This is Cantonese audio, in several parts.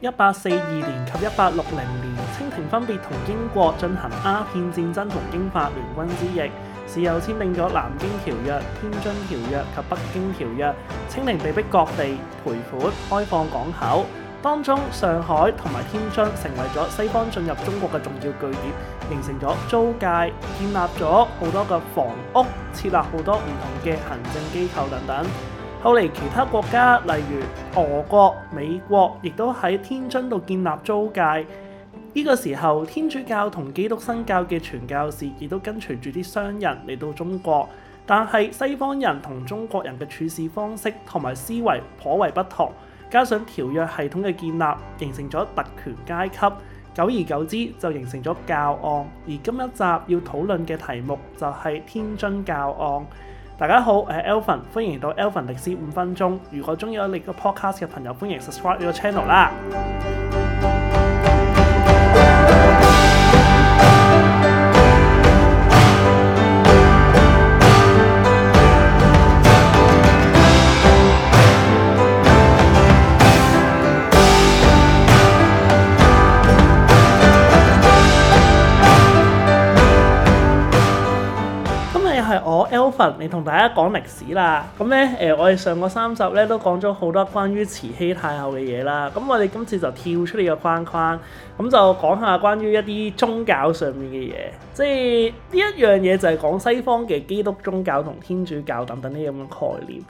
一八四二年及一八六零年，清廷分別同英國進行鴉片戰爭同英法聯軍之役。只有簽訂咗《南京條約》、《天津條約》及《北京條約》，清廷被迫各地賠款、開放港口。當中上海同埋天津成為咗西方進入中國嘅重要據點，形成咗租界，建立咗好多嘅房屋，設立好多唔同嘅行政機構等等。後嚟其他國家，例如俄國、美國，亦都喺天津度建立租界。呢個時候，天主教同基督新教嘅傳教士亦都跟隨住啲商人嚟到中國，但係西方人同中國人嘅處事方式同埋思維頗為不同，加上條約系統嘅建立，形成咗特權階級，久而久之就形成咗教案。而今一集要討論嘅題目就係天津教案。大家好，我係 Elvin，歡迎到 Elvin 歷史五分鐘。如果中意我哋個 podcast 嘅朋友，歡迎 subscribe 呢個 channel 啦。嚟同大家講歷史啦，咁呢，誒、呃，我哋上個三集呢都講咗好多關於慈禧太后嘅嘢啦，咁我哋今次就跳出呢個框框，咁就講下關於一啲宗教上面嘅嘢，即係呢一樣嘢就係講西方嘅基督宗教同天主教等等呢咁嘅概念。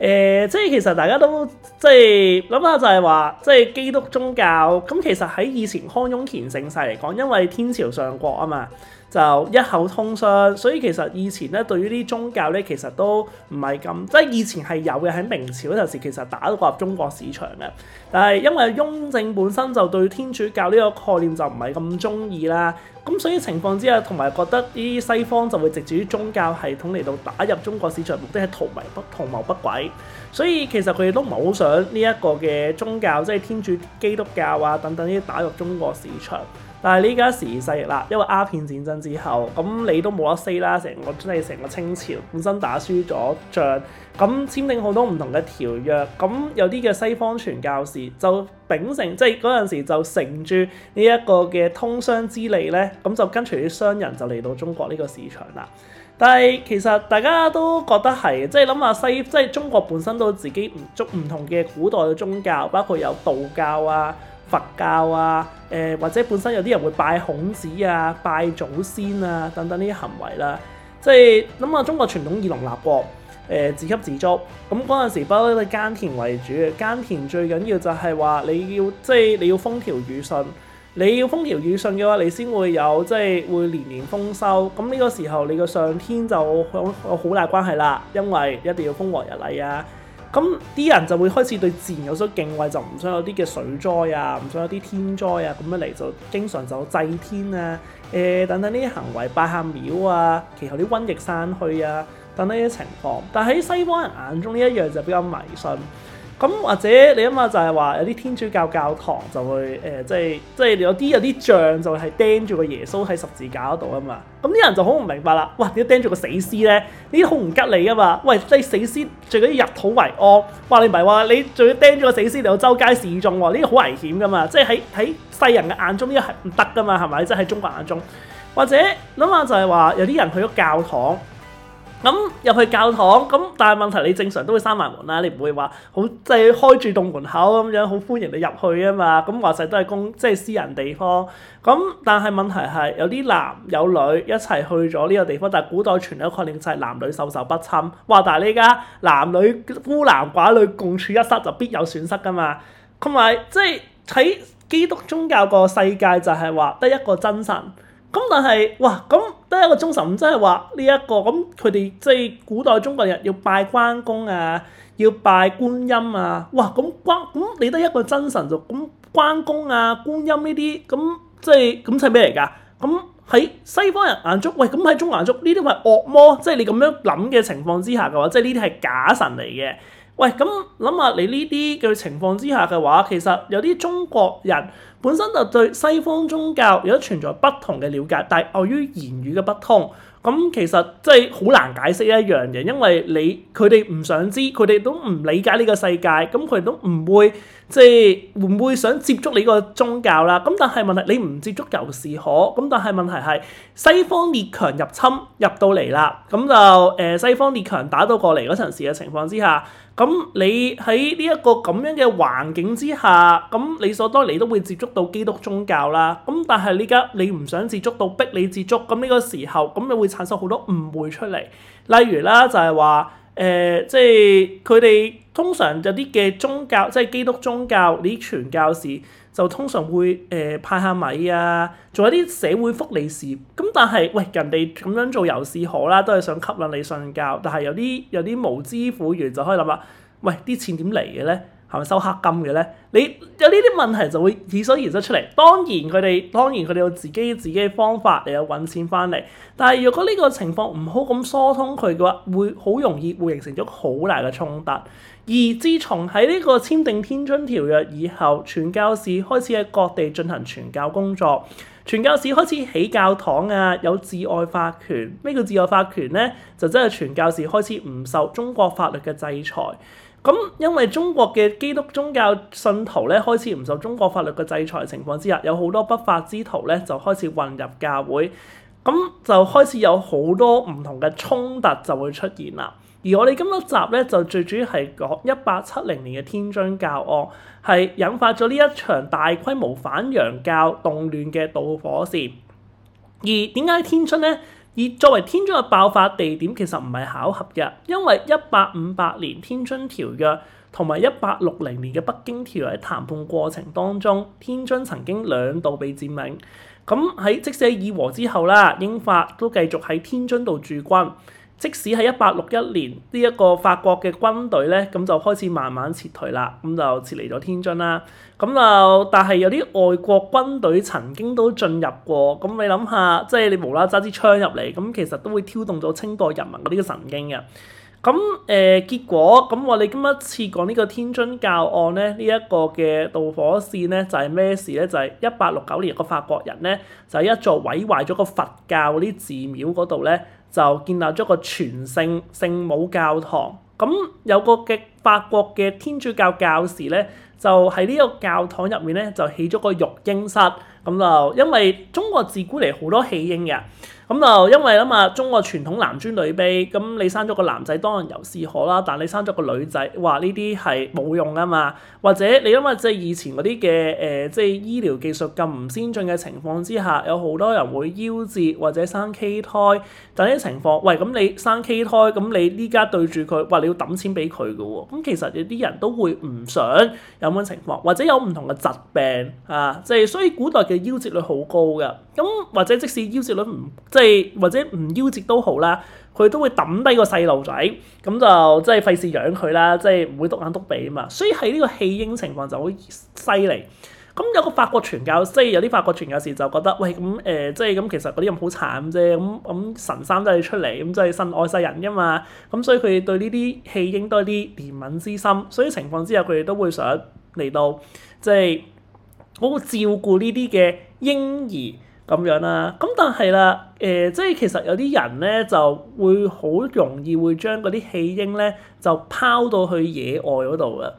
誒、呃，即係其實大家都即係諗下，就係話，即係基督宗教。咁其實喺以前康雍乾盛世嚟講，因為天朝上國啊嘛，就一口通商，所以其實以前咧對於啲宗教咧，其實都唔係咁，即係以前係有嘅。喺明朝嗰陣時，其實打到入中國市場嘅，但係因為雍正本身就對天主教呢個概念就唔係咁中意啦。咁、嗯、所以情況之下，同埋覺得啲西方就會藉助於宗教系統嚟到打入中國市場，目的係圖謀不圖謀不軌，所以其實佢哋都唔係好想呢一個嘅宗教，即係天主基督教啊等等呢啲打入中國市場。但係呢家時勢啦，因為鴉片戰爭之後，咁你都冇得 say 啦，成個真係成個清朝本身打輸咗仗，咁簽訂好多唔同嘅條約，咁有啲嘅西方傳教士就秉承，即係嗰陣時就乘住呢一個嘅通商之利咧，咁就跟隨啲商人就嚟到中國呢個市場啦。但係其實大家都覺得係，即係諗下西，即係中國本身都自己唔足唔同嘅古代嘅宗教，包括有道教啊。佛教啊，誒、呃、或者本身有啲人會拜孔子啊、拜祖先啊等等呢啲行為啦，啊，即係諗下中國傳統以農立國，誒、呃、自給自足，咁嗰陣時不嬲都係耕田為主，耕田最緊要就係話你要即係你要風調雨順，你要風調雨順嘅話，你先會有即係會年年豐收，咁、嗯、呢、這個時候你個上天就有好，好，好大關係啦，因為一定要風和日麗啊。咁啲人就會開始對自然有所敬畏，就唔想有啲嘅水災啊，唔想有啲天災啊，咁樣嚟就經常就祭天啊，誒、呃、等等呢啲行為，拜下廟啊，祈求啲瘟疫散去啊，等等呢啲情況。但喺西方人眼中呢一樣就比較迷信。咁或者你諗下就係話有啲天主教教堂就會誒、呃、即係即係有啲有啲像就係釘住個耶穌喺十字架嗰度啊嘛，咁、嗯、啲人就好唔明白啦。喂，你釘住個死屍咧，呢啲好唔吉利噶嘛。喂，即係死屍最緊要入土為安，話你唔係話你仲要釘住個死屍，你走周街示眾喎，呢個好危險噶嘛。即係喺喺世人嘅眼中呢、呢個係唔得噶嘛，係咪？即係喺中國眼中，或者諗下就係話有啲人去咗教堂。咁入去教堂咁，但係問題你正常都會閂埋門啦，你唔會話好即係開住棟門口咁樣好歡迎你入去啊嘛。咁話曬都係公，即係私人地方。咁但係問題係有啲男有女一齊去咗呢個地方，但係古代傳有個概念就係男女授受不親。話但係你而家男女孤男寡女共處一室就必有損失噶嘛。同埋即係喺基督宗教個世界就係話得一個真神。咁但係，哇！咁得一個忠神，即係話呢一個咁佢哋即係古代中國人要拜關公啊，要拜觀音啊，哇！咁關咁、嗯、你得一個真神就咁關公啊、觀音呢啲咁即係咁係咩嚟㗎？咁喺、就是、西方人眼中，喂咁喺中華族呢啲係惡魔，即、就、係、是、你咁樣諗嘅情況之下嘅話，即係呢啲係假神嚟嘅。喂，咁諗下你呢啲嘅情況之下嘅話，其實有啲中國人本身就對西方宗教有啲存在不同嘅了解，但係礙於言語嘅不通，咁、嗯、其實即係好難解釋一樣嘢，因為你佢哋唔想知，佢哋都唔理解呢個世界，咁佢哋都唔會即係唔會想接觸你個宗教啦。咁、嗯、但係問題你唔接觸又是可，咁、嗯、但係問題係西方列強入侵入到嚟啦，咁、嗯、就誒、呃、西方列強打到過嚟嗰陣時嘅情況之下。咁你喺呢一個咁樣嘅環境之下，咁理所當然都會接觸到基督宗教啦。咁但係你而家你唔想接觸到，逼你接觸，咁呢個時候，咁你會產生好多誤會出嚟。例如啦，就係話，誒、呃，即係佢哋通常有啲嘅宗教，即係基督宗教你啲傳教士。就通常會誒、呃、派下米啊，做一啲社會福利事。咁但係喂，人哋咁樣做又係好啦，都係想吸引你信教。但係有啲有啲無知婦孺就可以諗下，喂啲錢點嚟嘅咧？係咪收黑金嘅咧？你有呢啲問題就會以所言所出嚟。當然佢哋，當然佢哋有自己自己嘅方法嚟有揾錢翻嚟。但係如果呢個情況唔好咁疏通佢嘅話，會好容易會形成咗好大嘅衝突。而自從喺呢個簽訂天津條約以後，傳教士開始喺各地進行傳教工作，傳教士開始起教堂啊，有治外法權。咩叫治外法權呢？就真係傳教士開始唔受中國法律嘅制裁。咁因為中國嘅基督宗教信徒咧，開始唔受中國法律嘅制裁情況之下，有好多不法之徒咧，就開始混入教會，咁就開始有好多唔同嘅衝突就會出現啦。而我哋今集咧，就最主要係講一八七零年嘅天津教案，係引發咗呢一場大規模反洋教動亂嘅導火線。而點解天津咧？而作為天津嘅爆發地點，其實唔係巧合嘅，因為一八五八年天津條約同埋一八六零年嘅北京條約嘅談判過程當中，天津曾經兩度被佔領。咁喺即使係議和之後啦，英法都繼續喺天津度駐軍。即使喺一八六一年呢一、這個法國嘅軍隊咧，咁就開始慢慢撤退啦，咁就撤離咗天津啦。咁就、呃、但係有啲外國軍隊曾經都進入過，咁你諗下，即係你無啦啦揸支槍入嚟，咁其實都會挑動咗清代人民嗰啲嘅神經嘅。咁誒、呃、結果，咁我哋今一次講呢個天津教案咧，呢、這、一個嘅導火線咧，就係、是、咩事咧？就係一八六九年個法國人咧，就係一座毀壞咗個佛教嗰啲寺廟嗰度咧。就建立咗個全聖聖母教堂，咁、嗯、有個嘅法國嘅天主教教士咧，就喺呢個教堂入面咧，就起咗個育嬰室。咁就因為中國自古嚟好多棄嬰嘅，咁就因為啊嘛中國傳統男尊女卑，咁你生咗個男仔當然由是可啦，但你生咗個女仔話呢啲係冇用啊嘛，或者你因為即係以前嗰啲嘅誒即係醫療技術咁唔先進嘅情況之下，有好多人會夭折或者生畸胎，就呢啲情況喂咁你生畸胎，咁你依家對住佢，話你要抌錢俾佢嘅喎，咁其實有啲人都會唔想有咁嘅情況或者有唔同嘅疾病啊，即係所以古代。嘅夭折率好高噶，咁、嗯、或者即使夭折率唔即係或者唔夭折都好啦，佢都會抌低個細路仔，咁、嗯、就即係費事養佢啦，即係唔會篤眼篤鼻啊嘛，所以喺呢個棄嬰情況就好犀利。咁、嗯、有個法國傳教，即係有啲法國傳教士就覺得，喂咁誒、嗯呃，即係咁其實嗰啲人好慘啫，咁、嗯、咁、嗯、神三世出嚟，咁即係信愛世人噶嘛，咁、嗯、所以佢哋對呢啲棄嬰多啲憐憫之心，所以情況之下佢哋都會想嚟到即係。我會照顧呢啲嘅嬰兒咁樣啦，咁但係啦，誒、呃，即係其實有啲人咧就會好容易會將嗰啲棄嬰咧就拋到去野外嗰度嘅，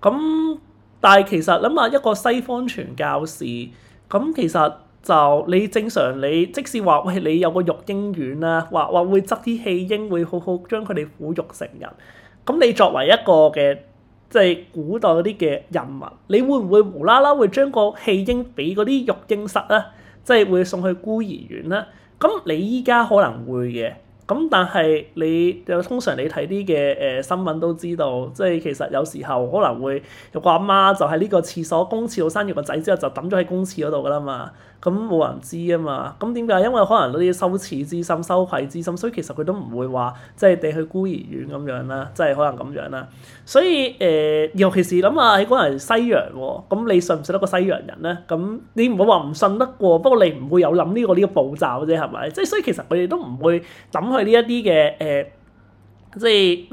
咁但係其實諗下一個西方傳教士，咁其實就你正常你即使話喂你有個育嬰院啦、啊，話話會執啲棄嬰會好好將佢哋撫育成人，咁你作為一個嘅。即係古代嗰啲嘅人物，你會唔會無啦啦會將個棄嬰畀嗰啲育嬰室啊？即係會送去孤兒院啦。咁你而家可能會嘅。咁但係你通常你睇啲嘅誒新聞都知道，即係其實有時候可能會有個阿媽就喺呢個廁所公廁度生完個仔之後就抌咗喺公廁度㗎啦嘛，咁冇人知啊嘛，咁點解？因為可能啲羞恥之心、羞愧之心，所以其實佢都唔會話即係掟去孤兒院咁樣啦，即係可能咁樣啦。所以誒、呃，尤其是諗下喺嗰陣西洋喎，咁你信唔信得過西洋人咧？咁你唔會話唔信得過，不過你唔會有諗呢個呢個步驟啫，係咪？即係所以其實佢哋都唔會抌去。呢一啲嘅誒，即係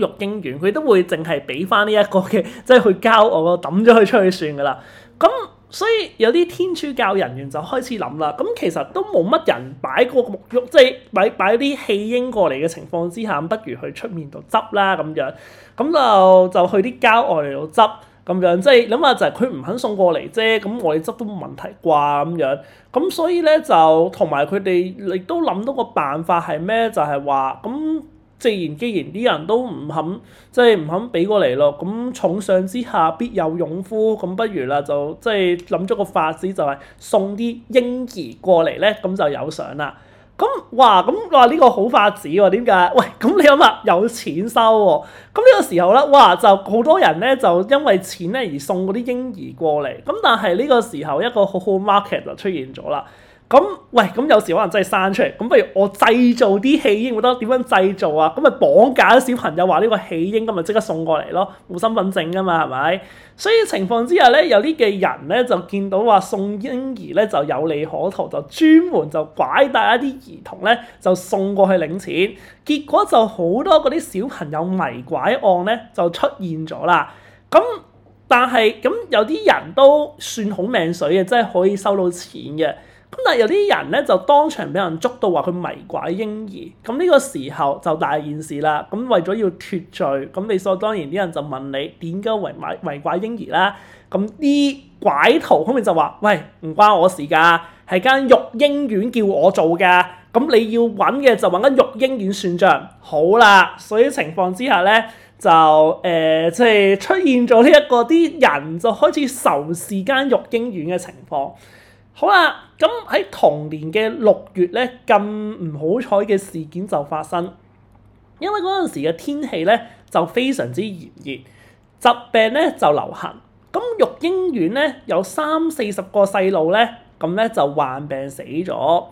育嬰員，佢都會淨係俾翻呢一個嘅，即係去郊外抌咗佢出去算噶啦。咁所以有啲天主教人員就開始諗啦。咁其實都冇乜人擺個沐浴，即係擺擺啲棄嬰過嚟嘅情況之下，不如去出面度執啦咁樣。咁就就去啲郊外嚟度執。咁樣即係諗下，就係佢唔肯送過嚟啫，咁我哋執都冇問題啩咁樣。咁所以咧就同埋佢哋亦都諗到個辦法係咩？就係話咁，既然既然啲人都唔肯，即係唔肯俾過嚟咯。咁重賞之下必有勇夫，咁不如啦，就即係諗咗個法子，就係送啲嬰兒過嚟咧，咁就有賞啦。咁話咁話呢個好法子喎？點解？喂，咁、嗯、你諗下有錢收喎、啊？咁、嗯、呢、這個時候咧，哇，就好多人咧就因為錢咧而送嗰啲嬰兒過嚟。咁、嗯、但係呢個時候一個好好 market 就出現咗啦。咁喂，咁有時可能真係生出嚟，咁不如我製造啲棄嬰，覺得點樣製造啊？咁咪綁架啲小朋友，話呢個棄嬰，咁咪即刻送過嚟咯，冇身份證噶嘛，係咪？所以情況之下咧，有啲嘅人咧就見到話送嬰兒咧就有利可圖，就專門就拐帶一啲兒童咧就送過去領錢，結果就好多嗰啲小朋友迷拐案咧就出現咗啦。咁但係咁有啲人都算好命水嘅，真係可以收到錢嘅。咁有啲人咧就當場俾人捉到話佢迷拐嬰兒，咁呢個時候就大件事啦。咁為咗要脫罪，咁理所當然啲人就問你點解迷拐迷拐嬰兒啦。咁啲拐徒後面就話，喂，唔關我事㗎，係間育嬰院叫我做㗎。咁你要揾嘅就揾間育嬰院算帳。好啦，所以情況之下咧，就誒即係出現咗呢一個啲人就開始仇視間育嬰院嘅情況。好啦，咁喺同年嘅六月咧，咁唔好彩嘅事件就發生，因為嗰陣時嘅天氣咧就非常之炎熱，疾病咧就流行，咁育嬰院咧有三四十個細路咧，咁咧就患病死咗，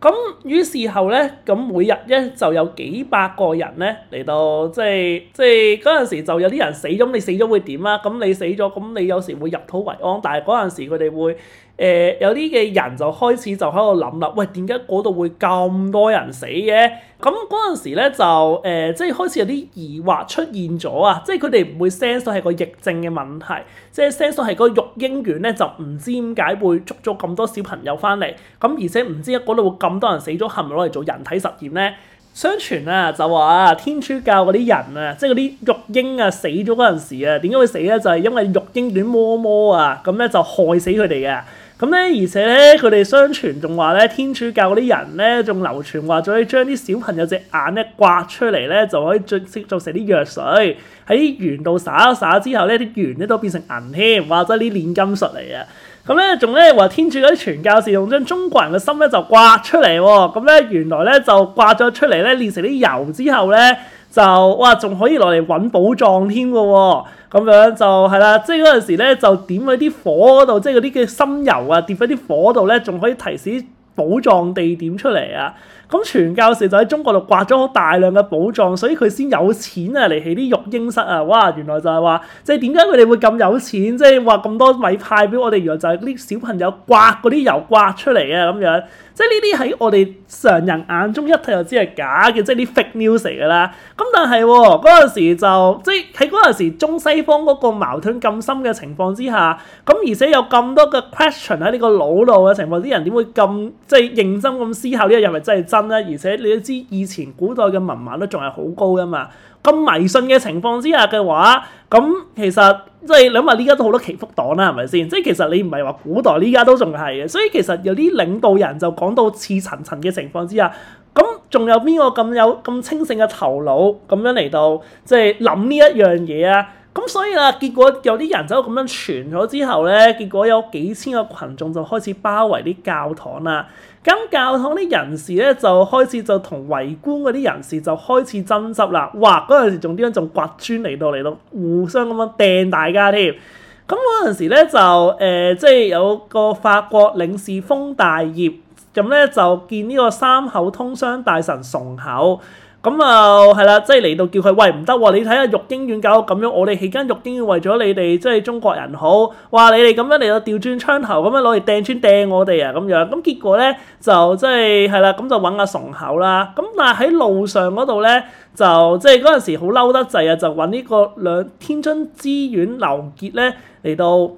咁於是乎咧，咁每日咧就有幾百個人咧嚟到，即係即係嗰陣時就有啲人死咗，你死咗會點啊？咁你死咗，咁你有時會入土為安，但係嗰陣時佢哋會。誒、呃、有啲嘅人就開始就喺度諗啦，喂點解嗰度會咁多人死嘅？咁嗰陣時咧就誒、呃，即係開始有啲疑惑出現咗啊！即係佢哋唔會 sense 到係個疫症嘅問題，即係 sense 到係個育嬰院咧就唔知點解會捉咗咁多小朋友翻嚟，咁而且唔知啊嗰度咁多人死咗係咪攞嚟做人體實驗咧？相傳啊就話啊天主教嗰啲人啊，即係嗰啲育嬰啊死咗嗰陣時啊，點解、啊、會死咧？就係、是、因為育嬰院摸摸啊，咁咧就害死佢哋啊。咁咧，而且咧，佢哋相傳仲話咧，天主教嗰啲人咧，仲流傳話咗可以將啲小朋友隻眼咧刮出嚟咧，就可以製製做成啲藥水，喺鉛度灑一灑之後咧，啲鉛咧都變成銀添，或者啲煉金術嚟啊！咁、嗯、咧，仲咧話天主教嗰啲傳教士用將中國人嘅心咧就刮出嚟喎、哦，咁、嗯、咧原來咧就刮咗出嚟咧，煉成啲油之後咧。就哇，仲可以落嚟揾寶藏添嘅喎，咁樣就係啦，即係嗰陣時咧就點喺啲火嗰度，即係嗰啲嘅心油啊，跌喺啲火嗰度咧，仲可以提示寶藏地點出嚟啊！咁傳教士就喺中國度刮咗好大量嘅寶藏，所以佢先有錢啊嚟起啲育嬰室啊！哇，原來就係話，即係點解佢哋會咁有錢，即係話咁多米派俾我哋？原來就係啲小朋友刮嗰啲油刮出嚟啊！咁樣，即係呢啲喺我哋常人眼中一睇就知係假嘅，即係啲 fake news 嘅啦。咁但係嗰陣時就，即係喺嗰陣時中西方嗰個矛盾咁深嘅情況之下，咁而且有咁多嘅 question 喺呢個腦度嘅情況，啲人點會咁即係認真咁思考呢？又係咪真係？而且你都知以前古代嘅文盲都仲係好高噶嘛，咁迷信嘅情況之下嘅話，咁其實即係諗下，呢家都好多祈福黨啦，係咪先？即係其實你唔係話古代，呢家都仲係嘅。所以其實有啲領導人就講到似層層嘅情況之下，咁仲有邊個咁有咁清醒嘅頭腦咁樣嚟到即係諗呢一樣嘢啊？咁所以啦，結果有啲人就咁樣傳咗之後咧，結果有幾千個群眾就開始包圍啲教堂啦。咁教堂啲人士咧就開始就同圍觀嗰啲人士就開始爭執啦，哇！嗰陣時仲點樣仲掘磚嚟到嚟到，互相咁樣掟大家添。咁嗰陣時咧就誒、呃，即係有個法國領事封大業，咁、嗯、咧就見呢個三口通商大臣崇口。咁啊，係、嗯、啦，即係嚟到叫佢喂唔得喎！你睇下育嬰院搞到咁樣，我哋期間育嬰院為咗你哋即係中國人好，哇！你哋咁樣嚟到掉轉槍頭，咁樣攞嚟掟磚掟我哋啊咁樣，咁、嗯、結果咧就即係係啦，咁、嗯、就揾阿、啊、崇口啦。咁但係喺路上嗰度咧，就即係嗰陣時好嬲得滯啊，就揾呢個兩天津醫院劉傑咧嚟到，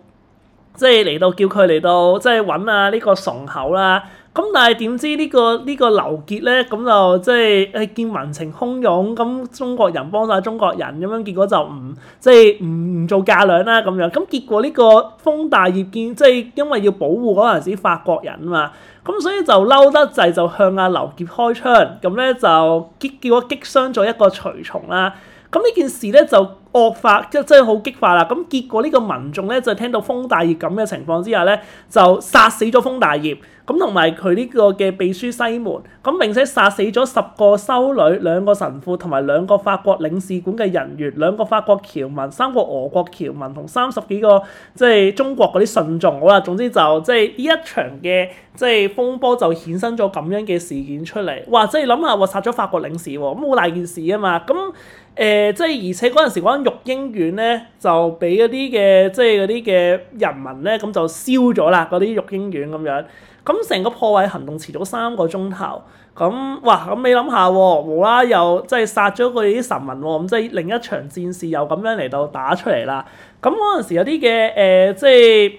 即係嚟到叫佢嚟到即係揾啊呢個崇口啦。咁但係點知呢、呢個呢、呢個劉傑咧，咁就即係誒見民情洶湧，咁中國人幫晒中國人咁、就是、樣，結果就唔即係唔唔做㗎喇啦咁樣。咁結果呢個豐大業堅，即、就、係、是、因為要保護嗰陣時法國人啊嘛，咁所以就嬲得滯就向阿劉傑開槍，咁咧就結結果擊傷咗一個隨從啦。咁呢件事咧就～惡化即係真係好激化啦！咁結果呢個民眾咧就聽到豐大業咁嘅情況之下咧，就殺死咗豐大業，咁同埋佢呢個嘅秘書西門，咁並且殺死咗十個修女、兩個神父、同埋兩個法國領事館嘅人員、兩個法國僑民、三個俄國僑民同三十幾個即係、就是、中國嗰啲信眾。好啦，總之就即係呢一場嘅即係風波就衍生咗咁樣嘅事件出嚟。哇！即係諗下，哇殺咗法國領事喎，咁、嗯、好大件事啊嘛！咁、嗯、誒、呃，即係而且嗰陣時育嬰院咧就俾嗰啲嘅即係啲嘅人民咧咁就燒咗啦，嗰啲育嬰院咁樣，咁成個破壞行動遲咗三個鐘頭，咁哇咁你諗下喎，無啦又即係殺咗佢啲臣民喎，咁即係另一場戰事又咁樣嚟到打出嚟啦，咁嗰陣時有啲嘅誒即係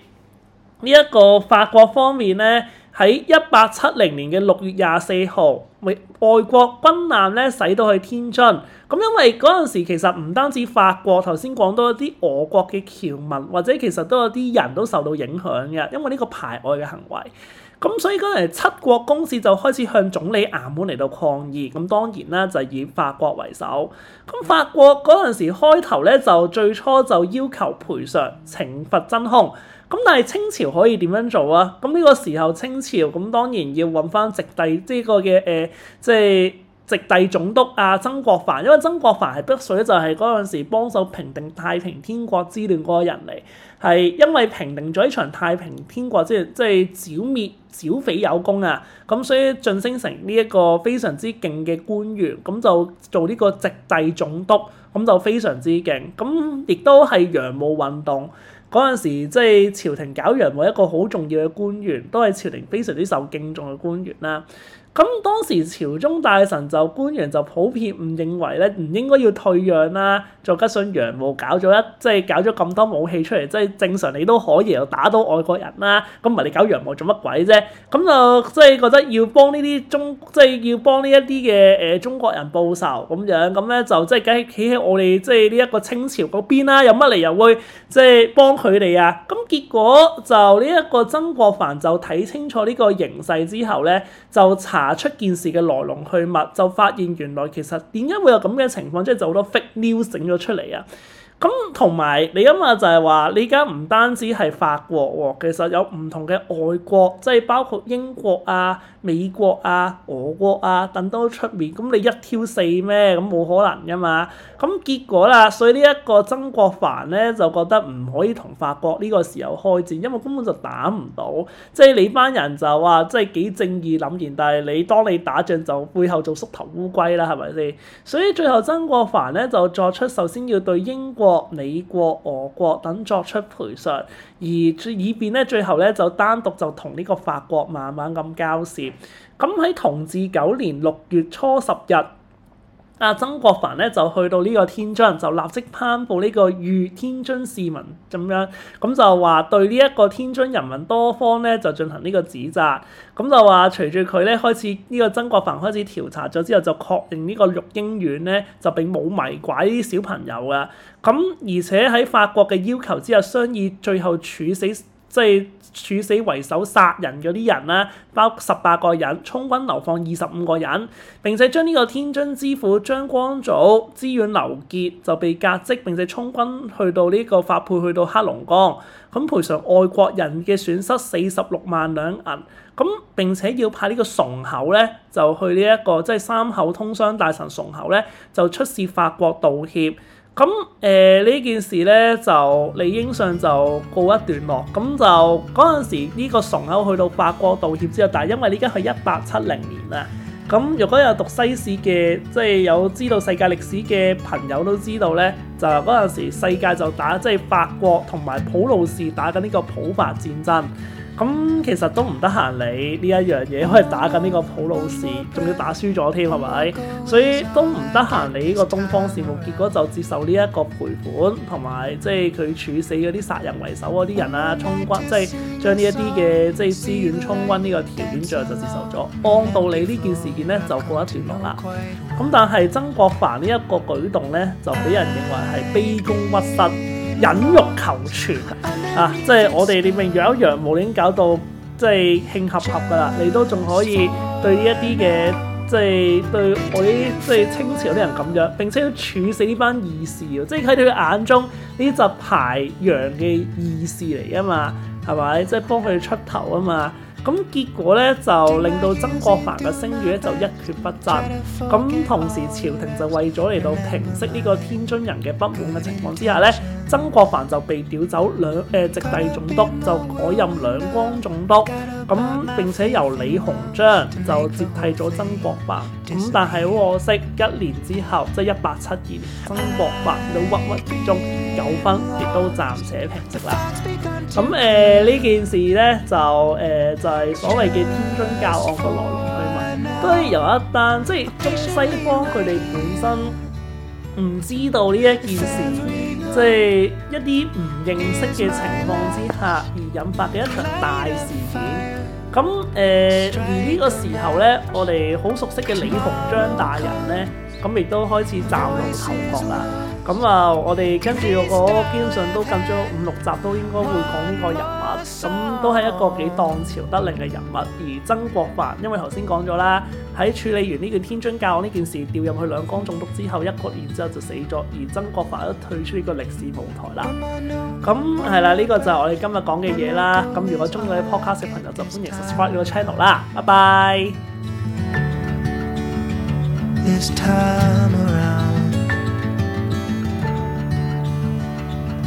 呢一個法國方面咧。喺一八七零年嘅六月廿四號，外外國軍艦咧使到去天津，咁因為嗰陣時其實唔單止法國，頭先講多啲俄國嘅僑民，或者其實都有啲人都受到影響嘅，因為呢個排外嘅行為。咁所以嗰陣七國公使就開始向總理衙門嚟到抗議，咁當然啦就以法國為首。咁法國嗰陣時開頭咧就最初就要求賠償、懲罰、真兇。咁但係清朝可以點樣做啊？咁、嗯、呢、這個時候清朝咁、嗯、當然要揾翻直隸呢、這個嘅誒、呃，即係直隸總督啊曾國藩，因為曾國藩係北水就係嗰陣時幫手平定太平天國之亂嗰個人嚟，係因為平定咗呢場太平天國之亂即係剿滅剿匪有功啊，咁、嗯、所以晉升成呢一個非常之勁嘅官員，咁、嗯、就做呢個直隸總督，咁、嗯、就非常之勁，咁亦都係洋務運動。嗰陣時，即係朝廷搞洋務一個好重要嘅官員，都係朝廷非常之受敬重嘅官員啦。咁當時朝中大臣就官員就普遍唔認為咧，唔應該要退讓啦。再加上洋務搞咗一即係搞咗咁多武器出嚟，即係正常你都可以又打到外國人啦。咁唔係你搞洋務做乜鬼啫？咁就即係覺得要幫呢啲中，即係要幫呢一啲嘅誒中國人報仇咁樣，咁咧就即係梗係企喺我哋即係呢一個清朝嗰邊啦，有乜理由會即係幫佢哋啊？咁結果就呢一個曾國藩就睇清楚呢個形勢之後咧，就查。查出件事嘅來龍去脈，就發現原來其實點解會有咁嘅情況，即係就好多 fake news 整咗出嚟啊！咁同埋你咁話就係話你而家唔單止係法國，哦，其實有唔同嘅外國，即係包括英國啊、美國啊、俄國啊等等都出面。咁你一挑四咩？咁冇可能噶嘛。咁結果啦，所以呢一個曾國藩咧就覺得唔可以同法國呢個時候開戰，因為根本就打唔到。即係你班人就話即係幾正義凜然，但係你當你打仗就背後做縮頭烏龜啦，係咪先？所以最後曾國藩咧就作出首先要對英國。國、美國、俄國等作出賠償，而以便咧，最後咧就單獨就同呢個法國慢慢咁交涉。咁喺同治九年六月初十日，曾國藩咧就去到呢個天津，就立即攀附呢個粵天津市民咁樣，咁就話對呢一個天津人民多方咧就進行呢個指責，咁就話隨住佢咧開始呢個曾國藩開始調查咗之後，就確認呢個育嬰院咧就並冇迷拐啲小朋友啊，咁而且喺法國嘅要求之下商議，最後處死即係。處死為首殺人嗰啲人啦，包括十八個人，充軍流放二十五個人，並且將呢個天津知府張光祖、知縣劉傑就被革職，並且充軍去到呢個發配去到黑龍江，咁賠償外國人嘅損失四十六萬兩銀，咁並且要派呢個崇厚咧就去呢、這、一個即係、就是、三口通商大臣崇厚咧就出使法國道歉。咁誒呢件事呢，就理應上就告一段落。咁就嗰陣時呢個崇口去到法國道歉之後，但係因為呢家係一八七零年啦。咁如果有讀西史嘅，即係有知道世界歷史嘅朋友都知道呢，就嗰陣時世界就打，即係法國同埋普魯士打緊呢個普法戰爭。咁其實都唔得閒理，理呢一樣嘢，可以打緊呢個普魯士，仲要打輸咗添，係咪？所以都唔得閒，理呢個東方事務，結果就接受呢一個賠款，同埋即係佢處死嗰啲殺人為首嗰啲人啊，充軍，即係將呢一啲嘅即係資源充軍呢個條件最後就接受咗。按道理呢件事件呢，就告一段落啦。咁但係曾國藩呢一個舉動呢，就俾人認為係卑躬屈膝。忍辱求全，啊！即係我哋你明弱阿楊，無論搞到即係慶合合噶啦，你都仲可以對呢一啲嘅，即係對嗰啲即係清朝啲人咁樣，並且要處死呢班義士啊！即係喺佢眼中呢集排楊嘅義士嚟啊嘛，係咪？即係幫佢出頭啊嘛！咁結果咧就令到曾國藩嘅聲譽咧就一蹶不振。咁同時朝廷就為咗嚟到平息呢個天津人嘅不滿嘅情況之下咧，曾國藩就被調走兩，誒、呃、直隸總督，就改任兩江總督。咁、嗯、並且由李鴻章就接替咗曾國藩，咁、嗯、但係好可惜，一年之後，即、就、係、是、一八七二年，曾國藩都鬱鬱中九分，亦都暫且平息啦。咁誒呢件事呢，就誒、呃、就係、是、所謂嘅天津教案嘅來龍去脈，都係由一單即係中西方佢哋本身唔知道呢一件事，即、就、係、是、一啲唔認識嘅情況之下而引發嘅一場大事件。咁誒，而呢、呃這個時候咧，我哋好熟悉嘅李鴻章大人咧，咁亦都開始嶄露頭角啦。咁啊，我哋跟住我基本上都撳咗五六集都應該會講呢個人物，咁都係一個幾當朝得令嘅人物。而曾國藩因為頭先講咗啦，喺處理完呢個天津教案呢件事，調入去兩江總督之後一個月之後就死咗，而曾國藩都退出呢個歷史舞台啦。咁係啦，呢個就係我哋今日講嘅嘢啦。咁如果中意呢 podcast 嘅朋友就歡迎 subscribe 呢個 channel 啦。拜拜。